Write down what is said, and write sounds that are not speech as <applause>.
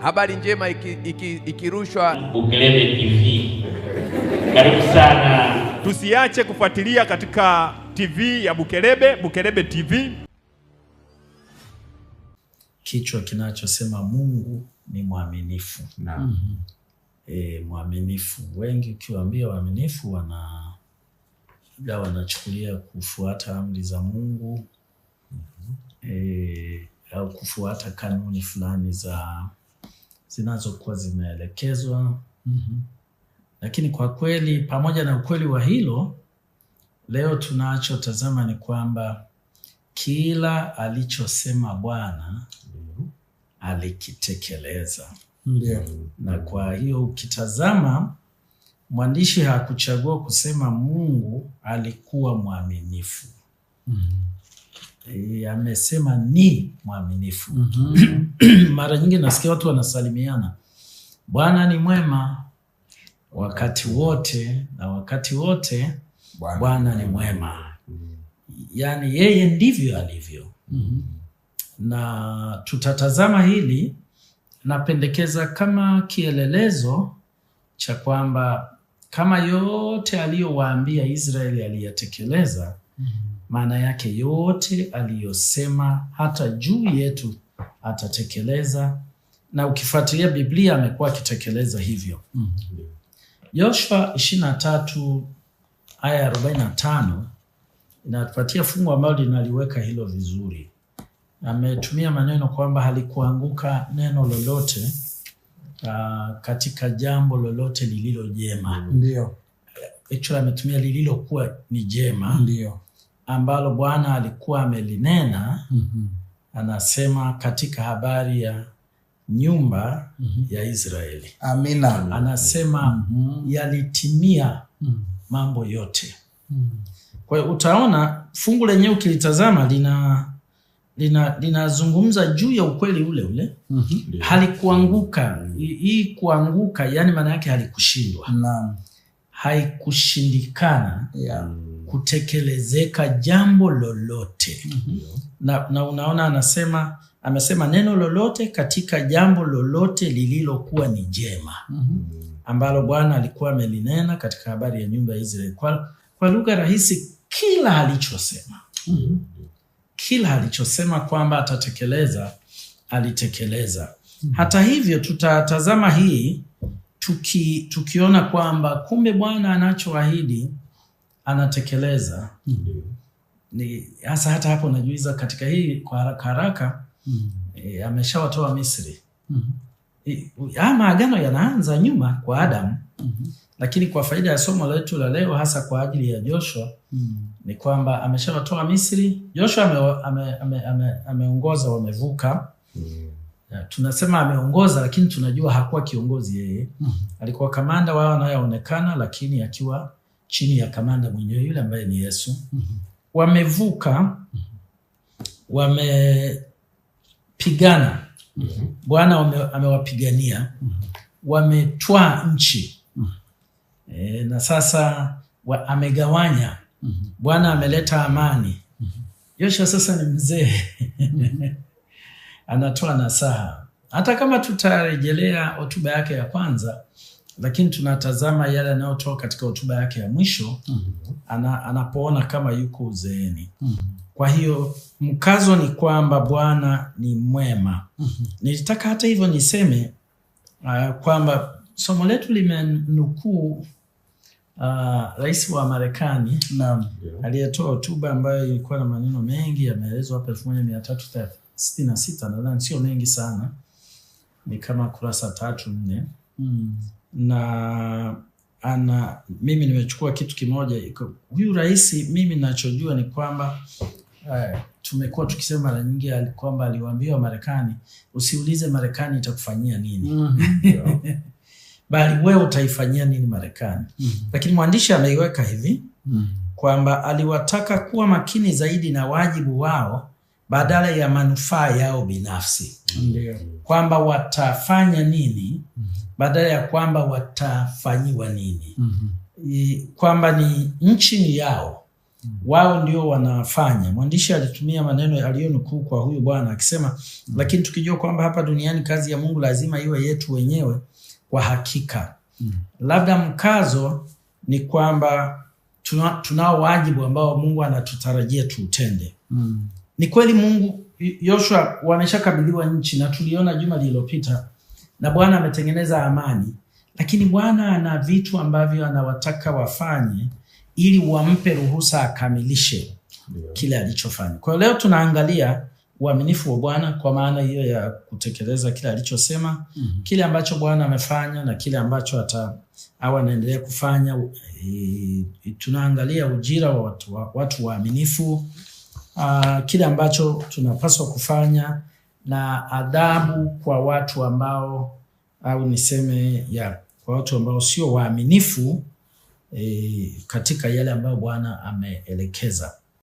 Habari njema ikirushwa iki, iki Bukelebe TV. Karibu sana, tusiache kufuatilia katika TV ya Bukelebe, Bukelebe TV. Kichwa kinachosema Mungu ni mwaminifu. na Mm -hmm. E, mwaminifu wengi ukiwaambia waaminifu wana labda wanachukulia kufuata amri za Mungu mm -hmm. E, au kufuata kanuni fulani za zinazokuwa zimeelekezwa mm -hmm. Lakini kwa kweli, pamoja na ukweli wa hilo, leo tunachotazama ni kwamba kila alichosema Bwana mm -hmm. alikitekeleza mm -hmm. na kwa hiyo ukitazama mwandishi hakuchagua kusema Mungu alikuwa mwaminifu. mm -hmm. Eh, amesema ni mwaminifu. mm -hmm. <clears throat> Mara nyingi nasikia watu wanasalimiana, Bwana ni mwema wakati wote, na wakati wote Bwana ni mwema. yani mm-hmm. Yaani yeye ndivyo alivyo. mm -hmm. Na tutatazama hili, napendekeza kama kielelezo cha kwamba kama yote aliyowaambia Israeli aliyatekeleza. mm -hmm maana yake yote aliyosema hata juu yetu atatekeleza, na ukifuatilia Biblia amekuwa akitekeleza hivyo. Mm. Yoshua mm -hmm. aya 45 inatupatia fungu ambalo linaliweka hilo vizuri. Ametumia maneno kwamba halikuanguka neno lolote uh, katika jambo lolote lililo jema. Ndio. Actually ametumia lililokuwa ni jema. Ndio ambalo Bwana alikuwa amelinena mm -hmm. Anasema katika habari ya nyumba mm -hmm. ya Israeli. Amina. Anasema mm -hmm. yalitimia mm -hmm. mambo yote mm -hmm. Kwa hiyo utaona fungu lenyewe ukilitazama lina linazungumza lina juu ya ukweli ule ule mm -hmm. Halikuanguka hii mm -hmm. kuanguka, yani maana yake halikushindwa, haikushindikana yeah kutekelezeka jambo lolote mm -hmm. na, na unaona anasema amesema neno lolote katika jambo lolote lililokuwa ni jema mm -hmm. ambalo Bwana alikuwa amelinena katika habari ya nyumba ya Israeli kwa, kwa lugha rahisi kila alichosema mm -hmm. kila alichosema kwamba atatekeleza alitekeleza mm -hmm. hata hivyo tutatazama hii tuki, tukiona kwamba kumbe Bwana anachoahidi anatekeleza mm. ni hasa hata hapo najuiza katika hii kwa haraka haraka mm. e, ameshawatoa Misri mm. Mm-hmm. e, eh, ama maagano yanaanza nyuma kwa Adamu mm -hmm. Lakini kwa faida ya somo letu la leo hasa kwa ajili ya Joshua mm. ni kwamba ameshawatoa Misri. Joshua ameongoza ame, ame, ame wamevuka mm. Ya, tunasema ameongoza lakini tunajua hakuwa kiongozi yeye. mm -hmm. Alikuwa kamanda wao anayoonekana lakini akiwa chini ya kamanda mwenyewe yule ambaye ni Yesu mm -hmm. wamevuka mm -hmm. wamepigana mm -hmm. Bwana amewapigania mm -hmm. wametwaa nchi mm -hmm. e, na sasa wa, amegawanya mm -hmm. Bwana ameleta amani mm -hmm. Yoshua sasa ni mzee mhm. <laughs> anatoa nasaha hata kama tutarejelea hotuba yake ya kwanza lakini tunatazama yale yanayotoka katika hotuba yake ya mwisho mm -hmm. ana, anapoona kama yuko uzeeni mm -hmm. kwa hiyo mkazo ni kwamba Bwana ni mwema mm -hmm. nilitaka hata hivyo niseme uh, kwamba somo letu limenukuu uh, rais wa Marekani yeah. aliyetoa hotuba ambayo ilikuwa na maneno mengi yameelezwa hapa elfu moja mia tatu sitini na sita nadhani sio mengi sana ni kama kurasa tatu nne mm na ana mimi nimechukua kitu kimoja huyu rais. Mimi nachojua ni kwamba uh, tumekuwa tukisema mara nyingi kwamba aliwaambia marekani usiulize Marekani itakufanyia nini mm -hmm. <laughs> bali wewe utaifanyia nini Marekani mm -hmm. Lakini mwandishi ameiweka hivi mm -hmm. kwamba aliwataka kuwa makini zaidi na wajibu wao badala ya manufaa yao binafsi mm -hmm. kwamba watafanya nini mm -hmm badala ya kwamba watafanyiwa nini. mm -hmm. kwamba ni nchi ni yao, mm -hmm. wao ndio wanafanya. Mwandishi alitumia maneno aliyonukuu kwa huyu bwana akisema, mm -hmm. lakini tukijua kwamba hapa duniani kazi ya Mungu lazima iwe yetu wenyewe kwa hakika. mm -hmm. labda mkazo ni kwamba tunao tuna wajibu ambao Mungu anatutarajia tuutende. mm -hmm. ni kweli Mungu Yoshua wameshakabidhiwa nchi na tuliona juma lililopita na Bwana ametengeneza amani, lakini Bwana ana vitu ambavyo anawataka wafanye ili wampe ruhusa akamilishe kile alichofanya. Kwa hiyo leo tunaangalia uaminifu wa Bwana kwa maana hiyo ya kutekeleza kile alichosema, mm -hmm. kile ambacho Bwana amefanya na kile ambacho ata au anaendelea kufanya. E, tunaangalia ujira wa watu wa, watu wa ah, kile ambacho tunapaswa kufanya na adhabu kwa watu ambao au niseme ya kwa watu ambao sio waaminifu e, katika yale ambayo Bwana ameelekeza.